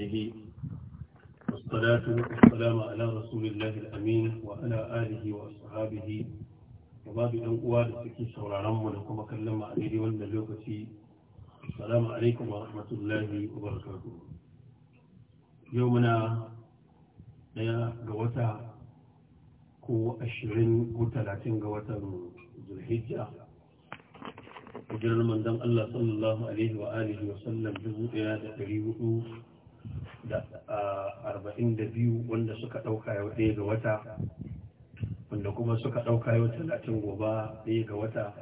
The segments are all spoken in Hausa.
وصحبه والصلاة والسلام على رسول الله الأمين وعلى آله وأصحابه وباب الأنقوى لسكي سورارم ولكم أكلم عليه والملوكة السلام عليكم ورحمة الله وبركاته يومنا يا قوتا ko ashirin ko talatin ga watan zulhijja hijirar manzon Allah sallallahu alaihi wa alihi wa sallam dubu ɗaya da ɗari hudu da arba'in da biyu wanda suka ɗauka yau ɗaya ga wata wanda kuma suka ɗauka yau talatin goba ɗaya ga wata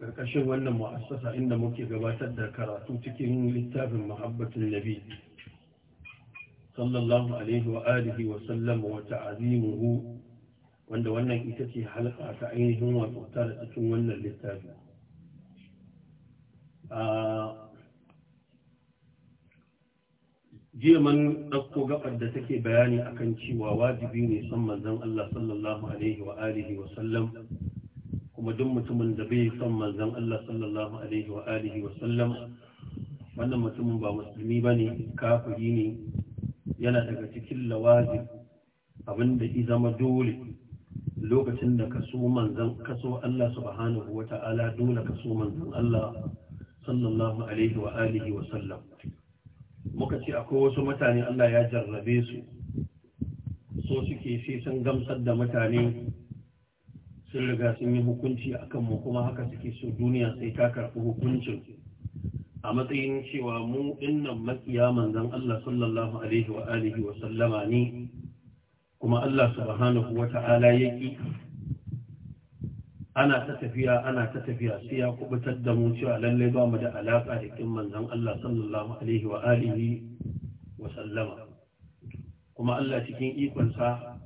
ƙarƙashin wannan ma'asasa inda muke gabatar da karatu cikin littafin mahabbatin nabi sallallahu alaihi wa alihi wa sallam wa ta'azimuhu wanda wannan ita ce halka ta ainihin wato tara cikin wannan littafi jiya man ɗauko gabar da take bayani akan cewa wajibi ne son manzon Allah sallallahu alaihi wa alihi wa sallam kuma duk mutumin da bai son manzon Allah sallallahu alaihi wa alihi wa sallam wannan mutumin ba musulmi bane kafiri ne yana daga cikin lawazim abinda ya zama dole lokacin da ka so manzon ka so Allah subhanahu dole ka so manzon Allah sallallahu alaihi wa alihi wa sallam muka ce akwai wasu mutane Allah ya jarrabe su so suke sai sun gamsar da mutane sun riga sun yi hukunci a kanmu kuma haka suke so duniya sai ta karɓi hukuncin a matsayin cewa mu innan makiya manzon Allah sallallahu alaihi wa alihi wa sallama ne kuma Allah subhanahu wa ta'ala yake ana ta tafiya ana ta tafiya sai ya kubutar da mu cewa lalle ba mu da alaka da kin manzon Allah sallallahu alaihi wa alihi wa sallama kuma Allah cikin ikonsa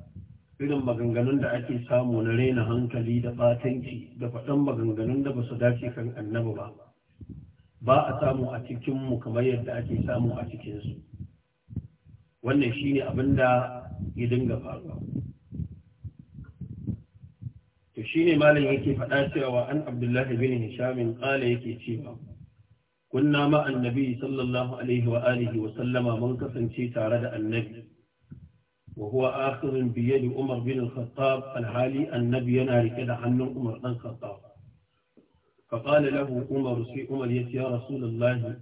irin maganganun da ake samu na raina hankali da batanci da faɗan maganganun da ba su dace kan annabi ba ba a samu a cikin mu kamar yadda ake samu a cikin su wannan shine abin da ya dinga faruwa shine malam yake faɗa cewa an abdullahi bin hisham qala yake cewa kunna ma annabi sallallahu alaihi wa alihi wa sallama mun kasance tare da annabi wa huwa akhirun bi yadi umar bin al-khattab al-hali annabi yana rike da hannun umar dan khattab fa qala lahu umar sai umar yace ya rasulullahi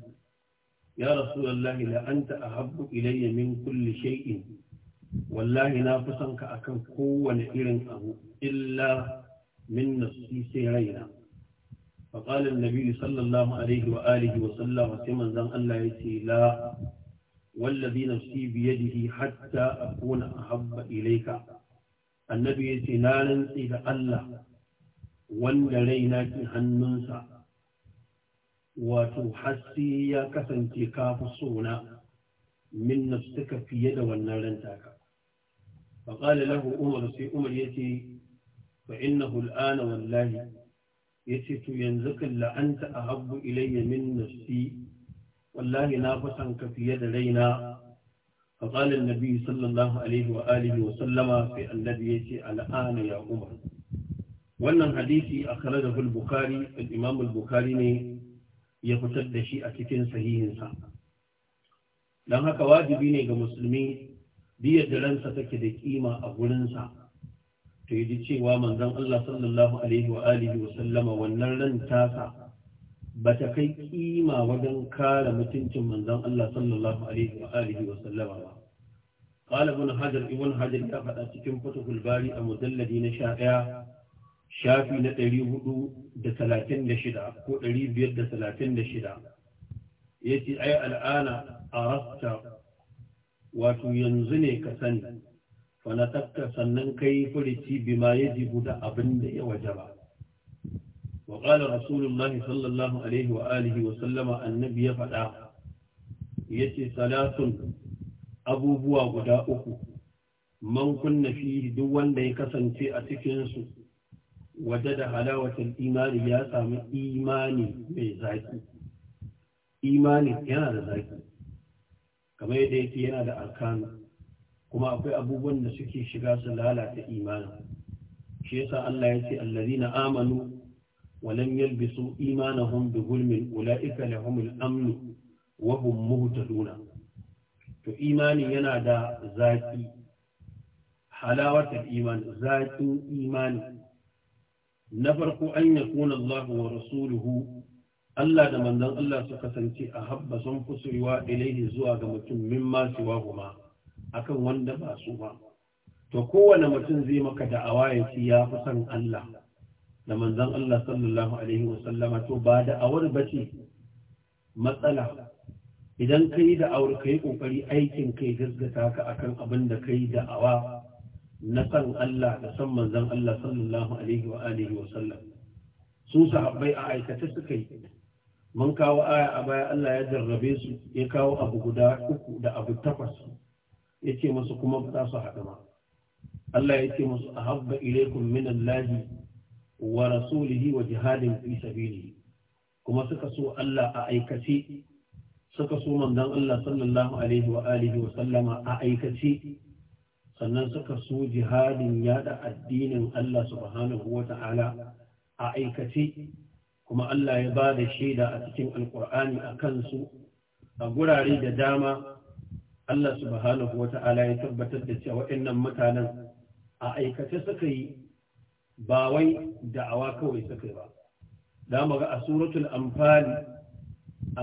يا رسول الله لأنت أحب إلي من كل شيء والله نافسنك أكن قوة إرن أبو إلا min nafsi sai raina فقال النبي صلى الله عليه وآله وسلم سمن زن الله يتي لا والذي نفسي بيده حتى أكون أحب إليك النبي يتي لا ننسي الله وندريناك هننسى وتحسي يا كسنتي كافصونا من نفسك في يد والنار انتاك فقال له أمر سي أمر يتي fa innahu al'ana wallahi yace to yanzu kan la'anta ahabbu ilayya min nafsi wallahi na fa ka fiye da raina fa qala an-nabi sallallahu alaihi wa alihi wa sallama sai annabi yace al'ana ya umar wannan hadisi a al-bukhari al-imam al ne ya fitar da shi a cikin sahihinsa don haka wajibi ne ga musulmi biyar da ransa take da ƙima a gurinsa to yi cewa manzan Allah sallallahu alaihi wa alihi wannan ran tasa ba ta kai kima wajen kare mutuncin manzon Allah sallallahu alaihi wa alihi ba قال ابن حجر ابن حجر ya faɗa cikin fatahul bari a mujalladi na ɗaya, shafi na ɗari hudu da talatin da shida ko ɗari biyar da talatin da shida ya ce ai al'ana a rasta wato yanzu ne ka sani falatakka sannan kai yi furici bima ya jibu da abin da ya wajaba. Wa ƙala Rasulullahi sallallahu Alaihi wa alihi wa sallama annabi ya faɗa, ya ce salatun abubuwa guda uku, man kunna fi duk wanda ya kasance a cikinsu, waje da halawacin imani ya samu imani mai zaƙi. Imani yana da zaki. kamar yadda yake yana da alkanu. kuma akwai abubuwan da suke shiga su lalata imanin shi yasa Allah ya ce allazina amanu wa yalbisu imanahum bi zulmin ulaika lahumul amn wa hum muhtaduna to imani yana da zaki halawatul iman zakin imani na farko an yakuna Allah wa rasuluhu Allah da manzon Allah su kasance a habba sun fusuwa ilaihi zuwa ga mutum mimma siwa huma akan wanda ba su ba to kowane mutum zai maka da'awa ya ci ya fi son Allah da manzan Allah sallallahu alaihi wasallama to ba da'awar ba ce matsala idan ka yi da'awar ka yi ƙoƙari aikin kai gaskata ka akan abin da ka yi da'awa na san Allah da san manzon Allah sallallahu alaihi wa alihi sahabbai a aikata suka yi mun kawo aya a baya Allah ya jarrabe su ya kawo abu guda uku da abu takwas ya ce masu kuma ba su haɗu ba Allah ya ce masu a habba ilaikum min Allahi wa rasulihi wa jihadin fi sabilihi kuma suka so Allah a aikace suka so manzon Allah sallallahu alaihi wa alihi wa sallama a aikace sannan suka so jihadin yada addinin Allah subhanahu wa ta'ala a aikace kuma Allah ya ba da shaida a cikin alkur'ani a kansu a gurare da dama Allah subhanahu wa ta'ala ya tabbatar da cewa waɗannan mutanen a aikace suka yi ba wai da'awa kawai suka yi ba da mu ga a suratul anfal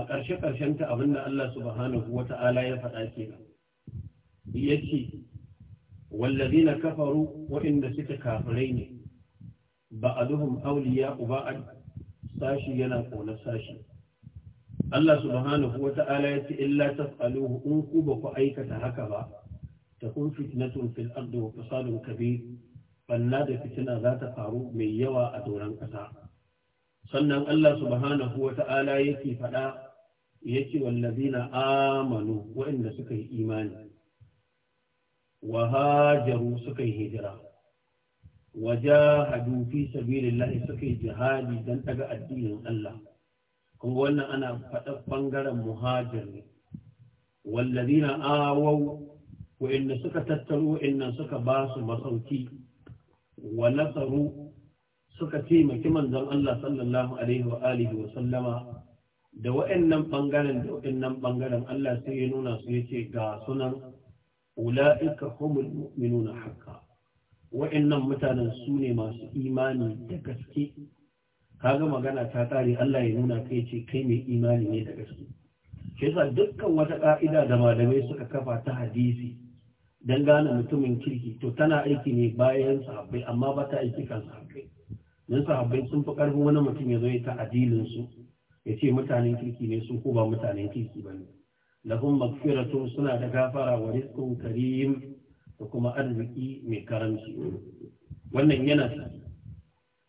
a ƙarshe ƙarshen ta abin da Allah subhanahu wa ta'ala ya faɗa Ya ce yace na kafaru waɗanda suka kafirai ne ba'aduhum uba a sashi yana ƙaunar sashi Allah subhanahu wa ta'ala ya ce illa taf'aluhu in ku ba ku aikata haka ba ta kun fitnatun fil ardi wa fasadun kabir banna da fitina za ta faru mai yawa a doron ƙasa sannan Allah subhanahu wa ta'ala yake faɗa wallazi na amanu waɗanda suka yi imani wa hajaru suka yi hijira wa jahadu fi sabilillahi suka yi jihadi don ɗaga addinin Allah kuma wannan ana faɗa ɓangaren muhajir ne wallazina awau wa'inda suka tattaro wa'inda suka ba su masauki wa nasaru suka taimaki manzon Allah sallallahu alaihi wa alihi wa sallama da wa'annan bangaren da wa'annan ɓangaren Allah sai ya nuna su yace ga sunan ula'ika humul mu'minuna haqqan wa'annan mutanen su ne masu imani da gaske kaga magana ta tsare Allah ya nuna kai ce kai mai imani ne da gaske shi yasa dukkan wata ka'ida da malamai suka kafa ta hadisi dan gane mutumin kirki to tana aiki ne bayan sahabbai amma ba ta aiki kan sahabbai dan sahabbai sun fi karfin wani mutum ya zo ya su ya ce mutanen kirki ne su ko ba mutanen kirki ba ne lahum magfiratun suna da gafara wa rizqun karim da kuma arziki mai karamci wannan yana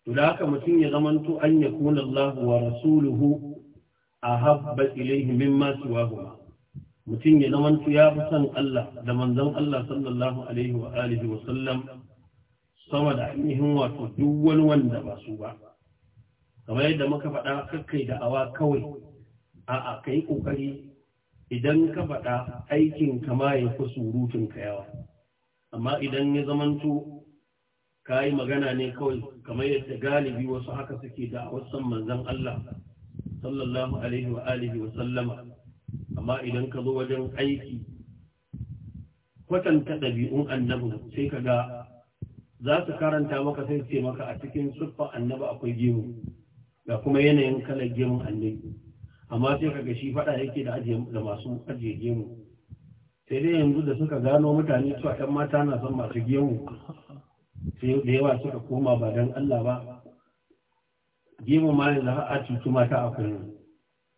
to da haka mutum ya zamanto an ya kuna Allah wa rasuluhu a habba ilaihi mimma siwahuma mutum ya zamanto ya fi son Allah da manzon Allah sallallahu alaihi wa alihi wa sallam sama da ainihin wato duk wani wanda ba su ba kamar yadda muka faɗa kakkai da awa kawai a'a kai kokari idan ka faɗa aikin kama ya fi surutun ka yawa amma idan ya zamanto ka yi magana ne kawai kamar yadda galibi wasu haka suke da a wasan manzan Allah sallallahu alaihi wa alihi wa sallama amma idan ka zo wajen aiki kwatanta ɗabi'un annabi sai ka ga za su karanta maka sai ce maka a cikin siffa annabi akwai gemu ga kuma yanayin kalar gemun annabi amma sai ka ga shi faɗa yake da da masu ajiye gemu sai dai yanzu da suka gano mutane cewa ɗan mata na son masu gemu sai da yawa suka koma ba don Allah ba gemu ma yanzu a cutu mata akwai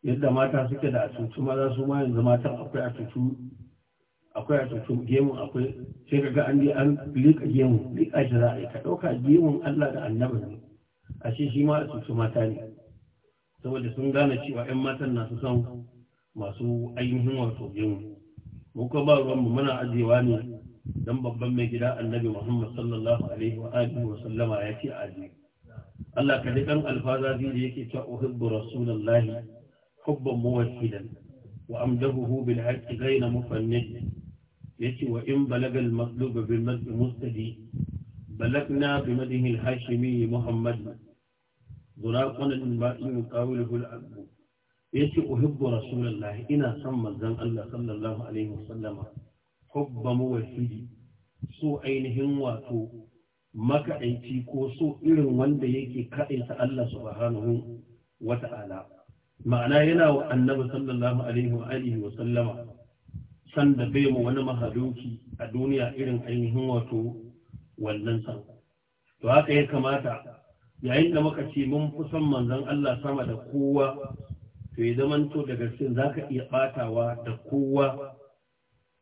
yadda mata suke da a cutu maza su ma yanzu mata akwai a cutu akwai a cutu gemu akwai sai ka ga an je an liƙa gemu liƙa shi za a yi ka ɗauka gemun Allah da annabin. ne a shi shi ma a cutu mata ne saboda sun gane cewa 'yan matan na su son masu ainihin wato gemu mu kuma ba mu muna ajewa ne Don babban mai gida annabi Muhammad sallallahu alaihi wa alihi wa sallama ya ce a aji Allah ka ji kan alfaza da yake cewa uhibbu rasulullahi hubban muwahhidan wa amdahu bil haqqi ghayna mufannid yace wa in balaga al matlub bil mad mustadi balagna bi madhi al hashimi muhammad zuraqan al ba'i yuqawiluhu al abd yace uhibbu rasulullahi ina son manzon Allah sallallahu alaihi wa sallama hubba muwahidi so ainihin wato makaɗaici ko so irin wanda yake kaɗaita Allah subhanahu wa ta'ala ma'ana yana wa annabi sallallahu alaihi wa alihi wa sallama sanda bai mu wani mahaluki a duniya irin ainihin wato wannan san to haka ya kamata yayin da muka ce mun fi son manzon Allah sama da kowa to ya zamanto daga cikin zaka iya batawa da kowa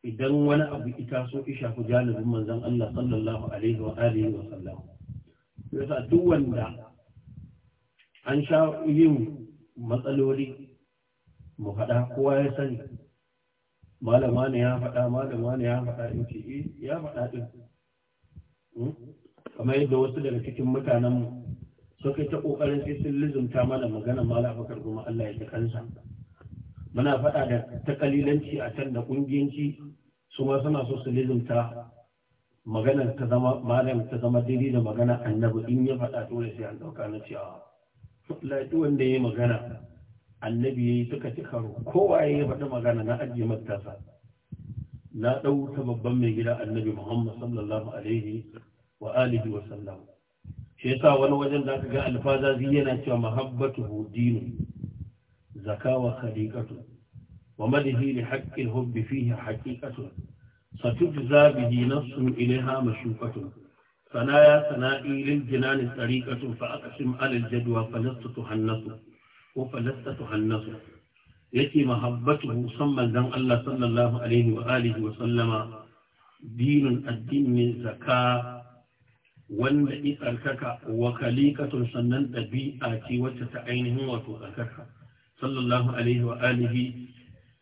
idan wani abu ita so isha ku janibin manzon Allah sallallahu alaihi wa alihi wa sallam yasa duk wanda an sha yin matsaloli mu faɗa kowa ya sani malama ne ya faɗa malama ne ya faɗa in ce eh, ya faɗa din hmm? kamar yadda wasu daga cikin mutanen mu suka ta kokarin sai sun lizumta mana magana malama Abubakar kuma Allah ya kansa muna faɗa da ta kalilanci a can da ƙungiyanci su ma suna so su lizumta maganar ta zama malam ta zama daidai da magana annabi in ya faɗa dole sai an ɗauka na cewa ah, lafi wanda ya yi magana annabi ya yi suka ci karo kowa ya yi faɗi magana na ajiye matasa na ɗau ta babban mai gida annabi muhammad sallallahu alaihi wa alihi wa sallam shi yasa wani wajen da aka ga alfazazi yana cewa mahabbatu dinu زكاوى خليقة ومده لحق الهب فيه حقيقة ستجزى به نفس إليها مشوقة ثنايا ثنائي للجنان طريقة فأقسم على الجدوى فلست تهنس وفلست تهنس يتي محبته سمى دم الله صلى الله عليه وآله وسلم دين الدين من زكاة wanda ya tsarkaka wa kalikatun sannan ɗabi'a ce wacce ta ainihin wato tsarkaka sallallahu alaihi wa alihi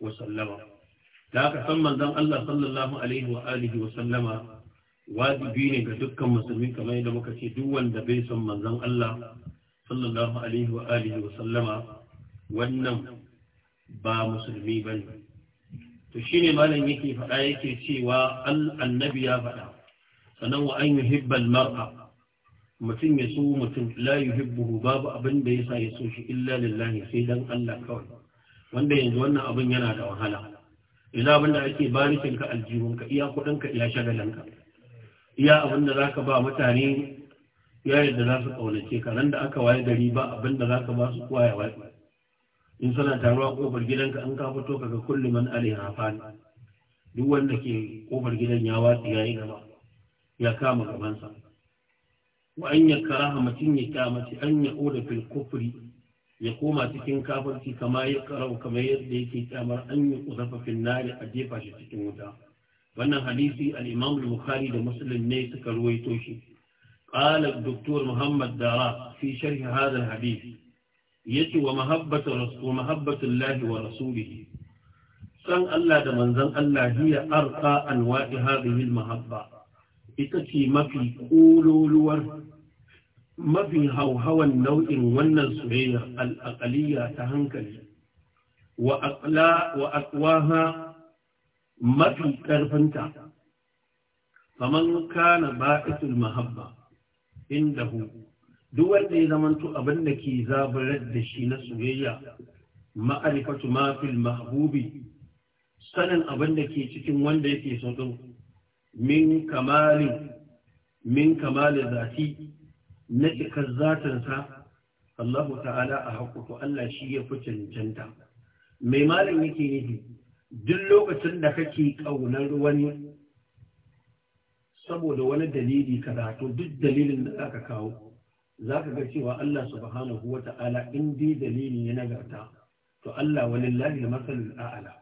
wa sallama da aka san manzon Allah sallallahu alaihi wa alihi wa sallama wajibi ne ga dukkan musulmi kamar yadda muka ce duk wanda bai san manzon Allah sallallahu alaihi wa alihi wa sallama wannan ba musulmi bane to shine malam yake faɗa yake cewa annabi ya faɗa sanan wa an yuhibbal mar'a mutum ya so mutum la yuhibbuhu babu abin da sa ya so shi illa lillahi sai dan Allah kawai wanda yanzu wannan abin yana da wahala Ina abin da ake barikin ka aljihun ka iya kudin ka iya shagalan ka iya abin da zaka ba mutane ya yadda za su kaunace ka nan da aka waye gari ba abin da zaka ba su kowa ya waye in suna taruwa kofar gidanka an ka fito kaga kullu man alaiha fani duk wanda ke kofar gidan ya watsi yi gaba ya kama gabansa wa an ya karaha mutum ya kyamaci anya ya oda fil ya koma cikin kafirci kama ya karau kamar yadda yake kyamar an yi kuzafa fil nari a jefa shi cikin wuta wannan hadisi al-imam bukhari da muslim ne suka ruwaito shi qala doktor muhammad dara shi sharh hadha al-hadith yace wa mahabbatu rasul mahabbatu allahi wa rasulihi san Allah da manzon Allah hiya arqa anwa'i hadhihi al-mahabba ita ce mafi ƙololuwar mafi hauhawan nau'in wannan soyayya al'aƙaliya ta hankali wa aqwaha mafi ƙarfinta kaman kana ba'isul mahabba indahu duk wanda ya zamanto abin da ke zabarar da shi na soyayya ma'arifatu ma fil mahbubi sanin abin da ke cikin wanda yake so din min kamalin min kamali zati na cikar zatinsa Allahu ta'ala a to Allah shi ya fi cancanta. Mai malam yake nufi, duk lokacin da kake ƙaunar wani saboda wani dalili karatu duk dalilin da aka kawo, za ka ga cewa Allah subhanahu wa ta'ala in dai dalili ya nagarta, to Allah wani lahi masalul a'ala.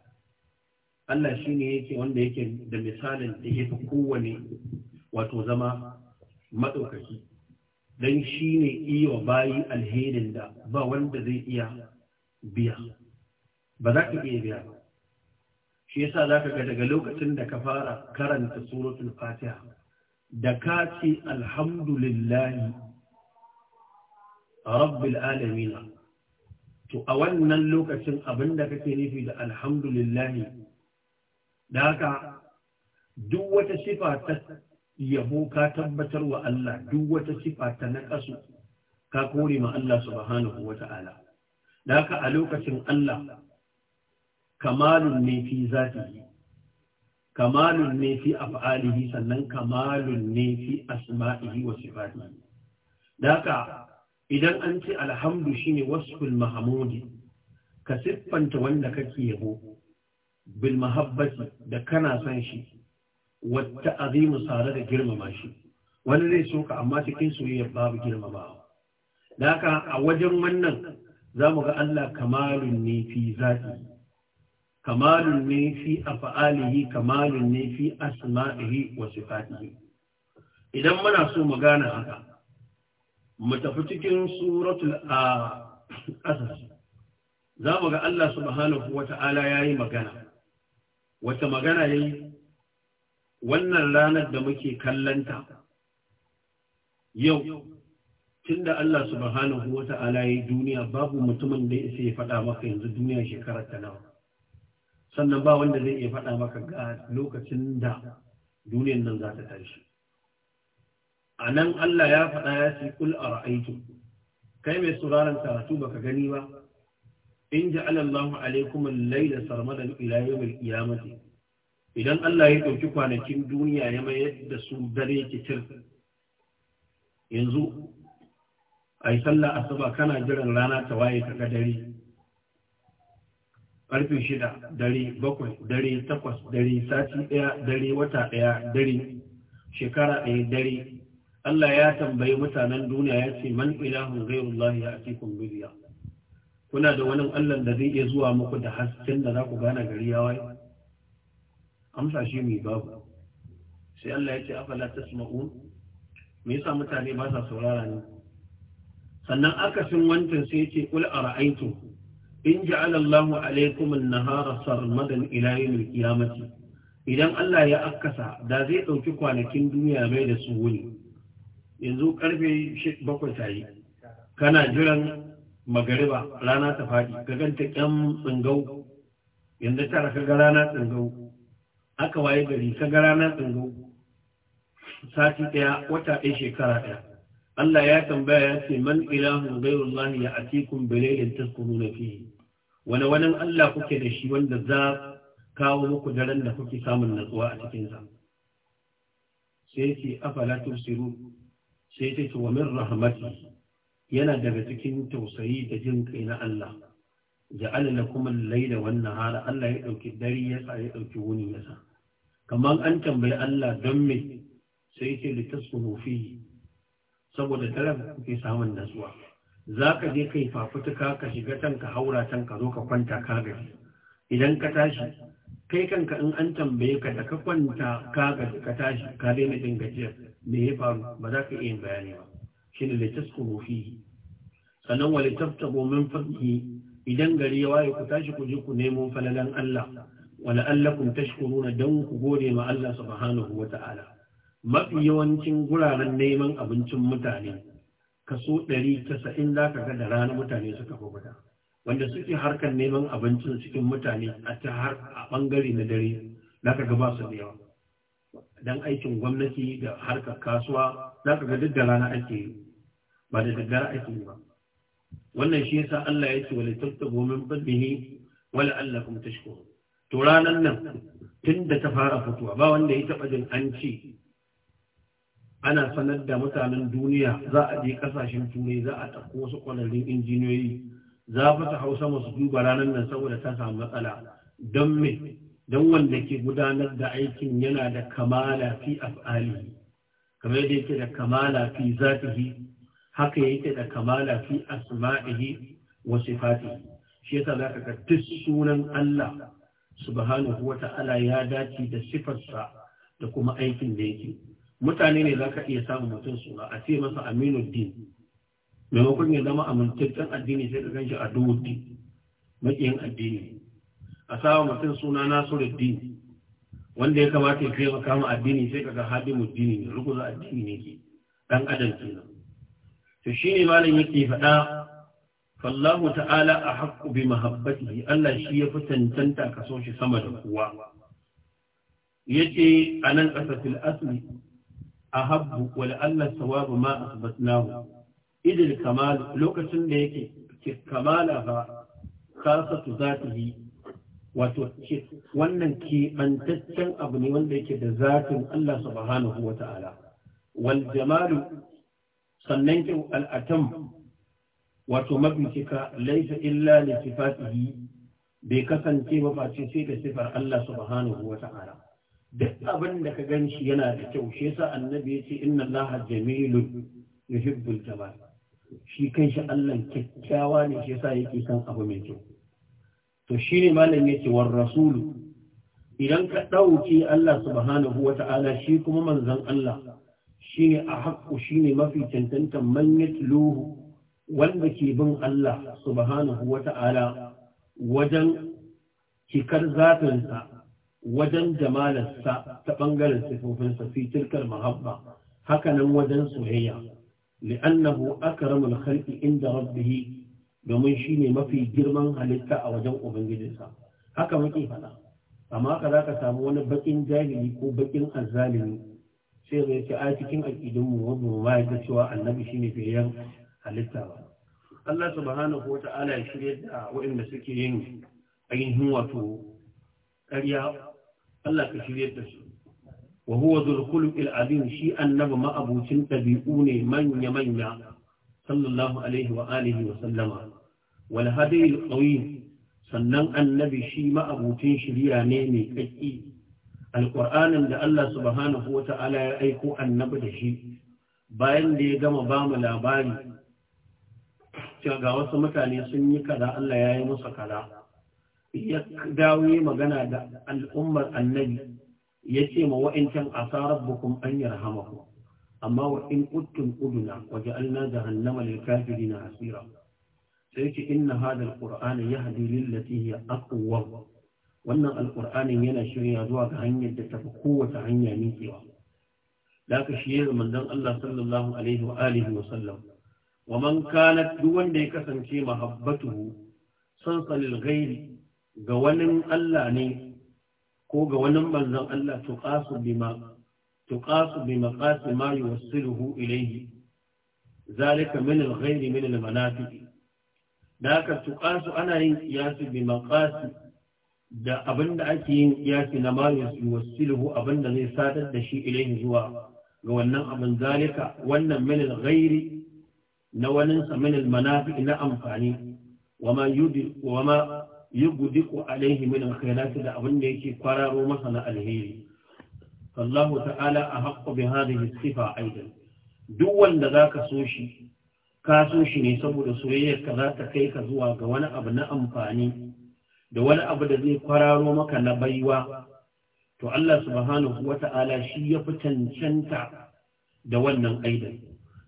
Allah shi ne yake wanda yake da misalin da ya fi kowane wato zama maɗaukaki. don shi ne iya bayi alherin da ba wanda zai iya biya ba za ka iya biya ba shi yasa za ka ga daga lokacin da ka fara karanta suratul fatiha da ka ce alhamdulillahi rabbil alamina to a wannan lokacin abin da kake nufi da alhamdulillahi da haka duk wata sifa ta yabo ka tabbatar wa Allah duk wata sifa ta naƙasu ka kore ma Allah subhanahu wa ta'ala. Da a lokacin Allah, kamalun ne fi zatihi, kamalun ne fi af'alihi sannan kamalun ne fi asma'ihi wa sifatihi. Da idan an ce alhamdu shine wasu mahamudi, ka siffanta wanda kake yabo, bil mahabbati da kana son shi wata azimu tare da girmama shi wani zai soka amma cikin soyayya babu girmamawa da haka a wajen wannan za mu ga Allah kamalun ne fi zaɗi kamalun ne fi afa'alihi kamalun ne fi asma'ihi wa sifatihi idan muna so mu gane haka mu tafi cikin suratul asas za mu ga Allah subhanahu ya yayi magana wata magana yayi wannan ranar da muke kallanta yau da Allah subhanahu wa ta'ala ya duniya babu mutumin da ya faɗa maka yanzu duniya shekarar ta nawa sannan ba wanda zai iya faɗa maka ga lokacin da duniyan nan za ta tashi a nan Allah ya faɗa ya ce kul a ra'aitu kai mai sauraron karatu baka gani ba in ja'ala Allahu alaikum al-laila sarmadan ila yawm al-qiyamati idan Allah ya ɗauki kwanakin duniya ya mayar da su dare kicir yanzu a sallah asuba kana jiran rana ta waye kaga dare ƙarfe shida dare bakwai dare takwas dare sati ɗaya dare wata ɗaya dare shekara ɗaya dare Allah ya tambayi mutanen duniya ya ce man ilahun ghairullahi ya atikum kuna da wani Allah da zai iya zuwa muku da hasken da za ku gane gari ya waye amsa shi mai babu sai Allah ya ce afala tasma'un me yasa mutane ba sa saurara ne sannan akasin wancan sai yace qul ara'aytum in ja'ala Allahu alaykum an-nahara sarmadan ila yawmil qiyamati idan Allah ya akasa da zai dauki kwanakin duniya mai da su wuni yanzu karfe 7 tayi kana jiran magariba rana ta faɗi ka ganta ƙyan tsingau yanzu tara ka ga rana tsingau aka waye gari ka ga rana tsangau sati ɗaya wata ɗaya shekara ɗaya Allah ya tambaya ya ce man ilahun gairullah ya atikum bilailin na fihi wani wani Allah kuke da shi wanda za kawo muku daren da kuke samun natsuwa a cikinsa sai ce afala tusiru sai ce wa min rahmati yana daga cikin tausayi da jin kai na Allah ja'ala lakum al-layla wan nahara Allah ya dauki dare ya sa ya dauki wuni ya sa kamar an tambayi Allah don me sai yake litaskunu fi saboda dare kuke samun nasuwa zaka je kai fafutuka ka shiga tanka ka haura can ka zo ka kwanta ka gaji idan ka tashi kai kanka in an tambaye ka da ka kwanta ka gaji ka tashi ka daina jin gajiyar me ya faru ba za ka iya bayani ba shine litaskunu fi sannan wa litabtagu min fadlihi idan gari ya waye ku tashi ku je ku nemo falalan Allah wala ku tashkuruna dan ku gode ma Allah subhanahu wata'ala mafi yawancin guraren neman abincin mutane kaso 190 zaka ga da rana mutane suka fita wanda suke harkar neman abincin cikin mutane a ta har a bangare na dare zaka ga ba su da yawa dan aikin gwamnati da harkar kasuwa zaka ga duk da rana ake ba da daddare ake ba wannan shi yasa Allah ya ce wani tattago min fadlihi wala allakum tashkurun to ranan nan tunda ta fara fitowa ba wanda ya taba jin an ce ana sanar da mutanen duniya za a je kasashen turai za a ɗauko wasu ƙwararrun injiniyoyi za su ta hausa masu duba ranar nan saboda ta samu matsala don me don wanda ke gudanar da aikin yana da kamala fi af'ali kamar yadda yake da kamala fi zatihi haka yake da kamala fi asma'ihi wa sifatihi shi yasa zaka ga duk sunan Allah subhanahu wata'ala ya dace da sifarsa da kuma aikin da yake mutane ne zaka iya samun mutum suna a ce masa aminuddin maimakon ya zama amintaccen addini sai ka ganshi a duwuddin makiyin addini a sawa mutum suna nasiruddin wanda ya kamata ya taimaka mu addini sai ka ga hadimuddin ne rukuza addini ne dan adam kenan to ne malam yake faɗa fallahu ta'ala a haƙƙu bi mahabbatihi Allah shi ya fi tantanta ka so shi sama da kowa yace nan qasatul asli ahabbu Wani Allah sawabu ma asbatnahu idil kamal lokacin da yake kamala fa khasatu yi, wato wannan keɓantaccen abu ne wanda yake da zafin. Allah subhanahu wa ta'ala wal jamalu sannan kyau al'atam wato mafi cika laisa illa li bai kasance ba face sai da sifar Allah subhanahu wa ta'ala duk abin da ka ganshi yana da kyau shi yasa annabi ya ce inna Allah jamilun yuhibbul ba. shi kanshi Allah kyakkyawa ne shi yasa yake san abu mai kyau to shine malam yace war rasulu idan ka dauke Allah subhanahu wa ta'ala shi kuma manzon Allah shine a haƙƙo shine mafi cancanta manyan yatluhu wanda ke bin Allah subhanahu ta'ala wajen cikar zafinsa. wajen jamalarsa ta ɓangaren sifofinsa fi tilkar mahabba hakanan wajen soyayya li'annahu akramul khalqi inda rabbih domin shine mafi girman halitta a wajen ubangijinsa haka muke faɗa amma ka za ka samu wani bakin jahili ko bakin azzalimi sai zai ce a cikin aƙidin mu wanda ma ya cewa annabi shine fiyan halitta ba Allah subhanahu wa ta'ala ya shirya da waɗanda suke yin ainihin wato ƙarya Allah ka shirya da su wa huwa dhul azim shi annabi ma abucin tabi'u ne manya manya sallallahu alaihi wa alihi wa sallama wal hadiyul qawim sannan annabi shi ma abucin shiriya ne mai kakki alƙur'anin da Allah subhanahu wa ta'ala ya aiko annabi da shi bayan da ya gama ba mu labari ga wasu mutane sun yi kaza Allah ya yi musu kaza ya dawo magana da al'ummar annabi ya ce ma wa'incan asarar bukum an yarhamakum amma wa in uttum uduna wa ja'alna jahannama lil kafirin asira sai ce inna hadha alqur'ana yahdi lillati hiya aqwa wannan alƙur'anin yana shirya zuwa ga hanyar da tafi kowace hanya mikewa da aka shi yin manzon Allah sallallahu alaihi wa alihi wa sallam wa man kana duk wanda ya kasance mahabbatuhu san salil ghairi ga wani Allah ne ko ga wani manzon Allah tuƙasu bima tuqasu bima qasi ma yuwassiluhu ilayhi zalika min al-ghairi min al-manafi da aka tuqasu ana yin qiyas bima qasi da abin da ake yin kiyasi na ma yuwassilhu abin da zai sadar da shi ilayhi zuwa ga wannan abin zalika wannan minin ghairi na wani sa minin manafi na amfani wama yudi wama yugdiku alaihi minin al da abin da yake kwararo masa na alheri Allahu ta'ala ahqqu bi hadhihi sifa aidan duk wanda zaka so shi ka so shi ne saboda soyayyar ka za ta kai ka zuwa ga wani abu na amfani da wani abu da zai kwararo maka na baiwa to Allah subhanahu wata'ala shi ya fi cancanta da wannan aidan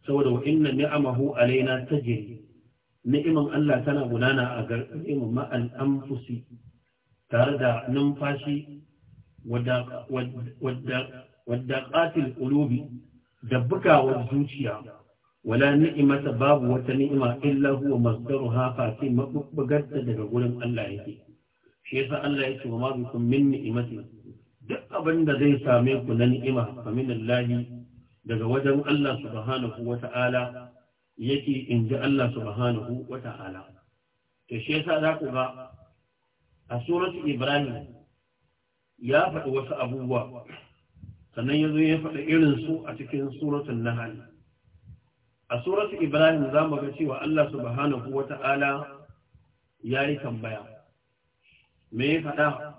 saboda wa inna ni'amahu alaina tajri ni'iman Allah tana gudana a garin ma'al anfusi tare da numfashi wadda wadda qatil da bugawa zuciya wala ni'imata babu wata ni'ima illa huwa masdaruha fa sai mabubbugarta daga gurin Allah yake shi yasa Allah ya ce wa ma bikum min ni'mati duk abin da zai same ku na ni'ima fa min Allah daga wajen Allah subhanahu ala yake in ji Allah subhanahu wata'ala to shi yasa za ku ga a suratu Ibrahim ya faɗi wasu abubuwa sannan ya zo ya faɗi irin su a cikin suratul Nahl a suratu Ibrahim za mu ga cewa Allah subhanahu ta'ala ya yi tambaya me ya faɗa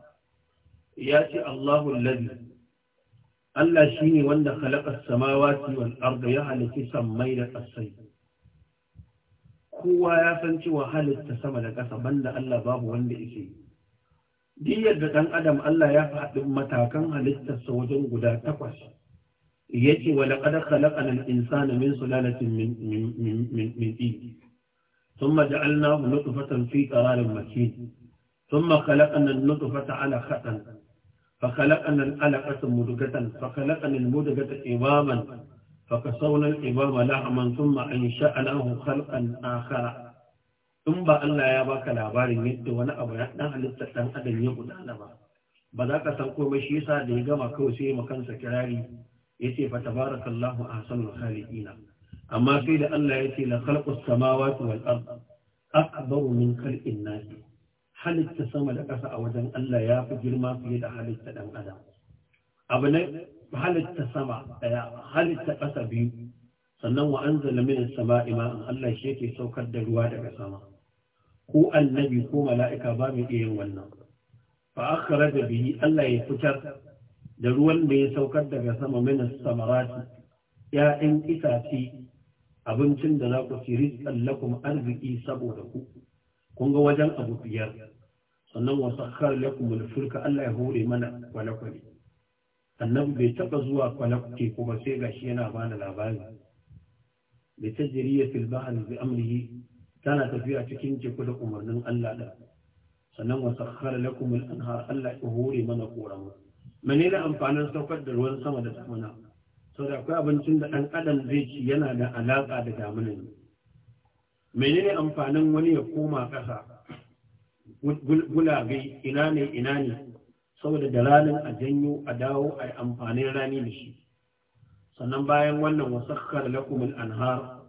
ya ce Allahu lazi Allah shi ne wanda halakar samawati wal arda ya halitta sammai da ƙasai kowa ya san cewa halitta sama da ƙasa banda Allah babu wanda yake duk yadda ɗan adam Allah ya faɗi matakan halittarsa wajen guda takwas yace wa laqad khalaqana al-insana min sulalatin min min min min ثم جعلناه نطفة في قرار مكين ثم خلقنا النطفة علقة فخلقنا العلقة مدغة فخلقنا المدغة عظاما فكسونا العظام لحما ثم أنشأناه خلقا آخر in ba Allah ya baka labarin yadda wani abu ya dan halitta dan ya gudana ba ba za ka san komai shi yasa da ya gama kawai sai ma kansa kirari yace fa tabarakallahu ahsanul khaliqina amma sai da Allah yace la khalaqus samawati wal ard nasi halitta sama da ƙasa a wajen Allah ya fi girma fiye da halitta ɗan adam abu ne halitta sama ɗaya halitta ƙasa biyu sannan wa anzala min sama'i ma'an Allah shi yake saukar da ruwa daga sama ko annabi ko mala'ika ba mu iya yin wannan fa akhraja bihi Allah ya fitar da ruwan da ya saukar daga sama min samarati ya'in itace abincin da za ku siri rizqan lakum arziki saboda ku kun ga wajen abu biyar sannan wa lakum al-fulka Allah ya hore mana kwalakwale annabi bai taba zuwa kwalakwale ba sai gashi yana bani labari ta jiriya fil a bi amrihi tana tafiya cikin teku da umarnin Allah da sannan wa lakum al Allah ya hore mana koramu mene da amfanin saukar da ruwan sama da damuna da akwai abincin da ɗan adam zai ci yana da alaƙa da damuna ne menene amfanin wani ya koma ƙasa? gulagai ina ne ina ne saboda da ranar a janyo a dawo a yi amfanin rani da shi sannan bayan wannan wasakkar lakum anhar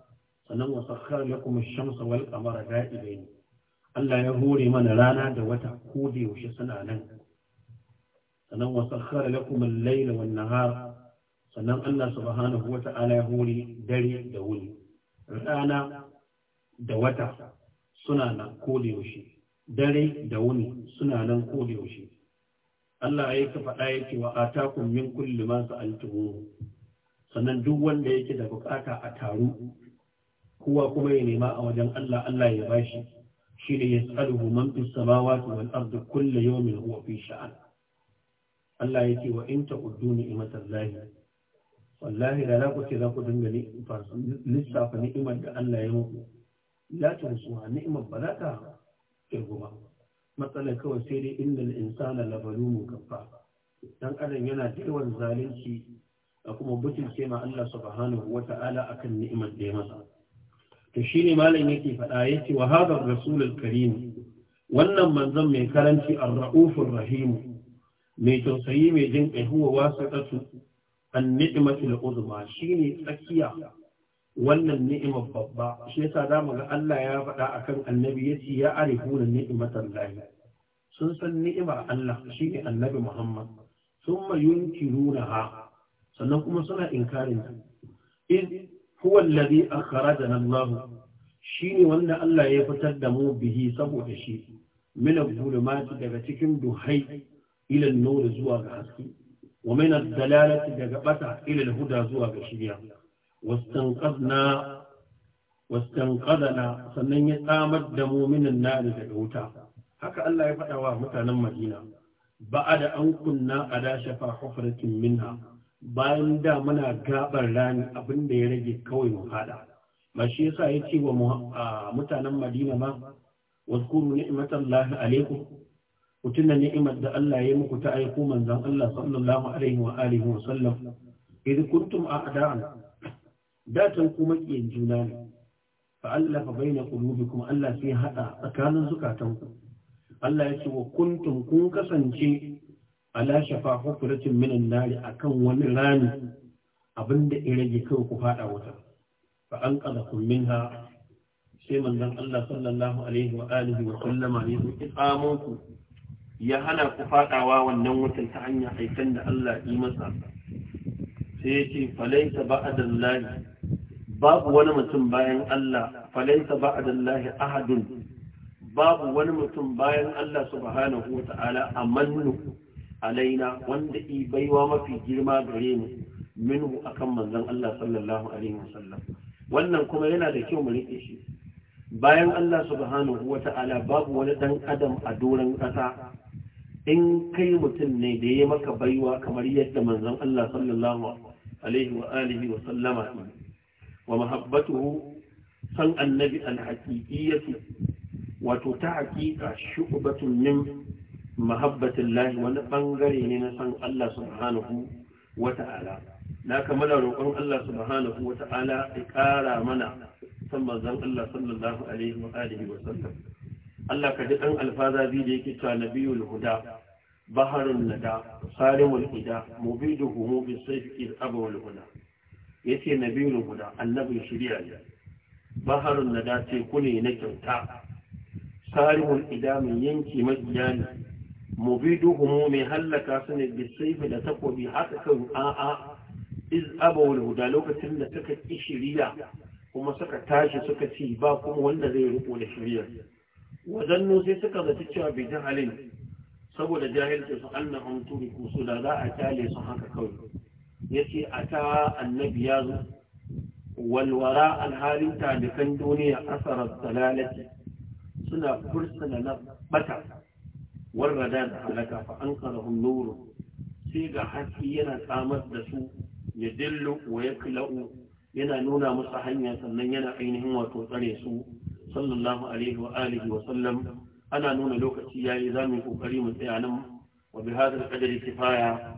sannan wasakkar lakum shamsa wal qamara da'ibain Allah ya hore mana rana da wata ko da yaushe suna nan sannan wasakkar lakum al wan nahar sannan Allah subhanahu wata'ala ya hore dare da wuni rana da wata suna nan ko da yaushe dare da wuni suna nan ko da yaushe Allah ya ka faɗa ya ce wa atakum min kulli ma sa'altumuhu sannan duk wanda yake da bukata a taru kowa kuma ya nema a wajen Allah Allah ya bashi shi ne yas'aluhu man fis samawati wal ardi kullu yawmin huwa fi sha'an Allah ya ce wa in ta'uddu ni'matallahi wallahi da ku ce za ku dinga lissafa ni'imar da Allah ya muku la tansuha ni'imar ba za ta irguma matsalar kawai sai dai inda insana labalumu gaba dan adam yana da yawan zalunci a kuma butulce ma Allah subhanahu wa ta'ala akan ni'imar da ya masa to shine malam yake faɗa yake wa hadha rasulul karim wannan manzon mai karanci ar-raufur rahim mai tausayi mai jin kai huwa wasiqatu an-ni'matul uzma shine tsakiya wannan ni'imar babba shi yasa za mu ga Allah ya faɗa akan annabi ya ce ya huna ni'imar lahi sun san ni'imar Allah shi ne annabi Muhammad sun ma yunkiruna ha sannan kuma suna inkarin ta in huwa alladhi akhrajana Allah shine wanda Allah ya fitar da mu bihi saboda shi min al-zulumati daga cikin duhai ila an-nur zuwa ga haske wa min ad-dalalati daga bata ila al-huda zuwa ga shiriya واستنقذنا واستنقذنا sannan ya samar da muminin minan daga wuta haka Allah ya faɗa wa mutanen Madina ba'ada an kunna da shafa hufratin minna. bayan da muna gabar rani abin da ya rage kawai mu fada ba shi yasa ya ce wa mutanen Madina ma واذكروا نعمة الله عليكم وتنا نعمة ده الله يمك تأيكم من ذن الله صلى الله عليه وآله وسلم إذ كنتم أعداء da kuma kiyan juna ne fa Allah fa baina qulubikum Allah sai hada tsakanin zukatanku Allah ya ce wa kuntum kun kasance ala shafa hukuratin minan nari akan wani rami abinda in rage kai ku fada wuta fa an qada kun minha sai manzon Allah sallallahu alaihi wa alihi wa sallama ne ku ku ya hana ku fadawa wannan wutan ta hanya aikan da Allah yi masa sai ya ce falaita ba'adallahi babu wani mutum bayan Allah falaita ba'dallahi ahadun babu wani mutum bayan Allah subhanahu a amannu alaina wanda i baiwa mafi girma gare mu minhu akan manzon Allah sallallahu alaihi wasallam wannan kuma yana da kyau mu rike shi bayan Allah subhanahu ta'ala babu wani dan adam a doron ƙasa in kai mutum ne da ya maka baiwa kamar yadda manzon Allah sallallahu alaihi wa alihi wa sallama wa mahabbatuhu san annabi alhaqiqiyyatu wato ta haƙiƙa shubatun min mahabbatin wani ɓangare ne na san Allah subhanahu wa ta'ala na kamala roƙon Allah subhanahu wa ta'ala ya ƙara mana san manzon Allah sallallahu alaihi wa alihi wa sallam Allah ka ji ɗan alfaza biyu da yake cewa nabiyul huda baharun nada sarimul ida mubiduhu mubisayfi iz yace nabiyul guda, annabin shirya ne baharun nada ce ne na kyauta sarihun idamin yanki magiyani mubidu humu mai hallaka su ne bisaifi da takobi haka kan a'a iz abawul huda lokacin da suka ki shari'a kuma suka tashi suka ci ba kuma wanda zai riko da shiryar. wazannu sai suka zaci cewa bi jahalin saboda jahilci su annahum turiku su da za a kyale su haka kawai yace ata annabi ya zo walwara alhalin talikan duniya asarar dalalati suna fursuna na bata warrada da halaka fa an nuru sai ga haske yana samar da su ya dillu wa ya yana nuna musu hanya sannan yana ainihin wato tsare su sallallahu alaihi wa alihi wa sallam ana nuna lokaci yayi zamu kokari mu tsaya nan wa bi hadal qadari kifaya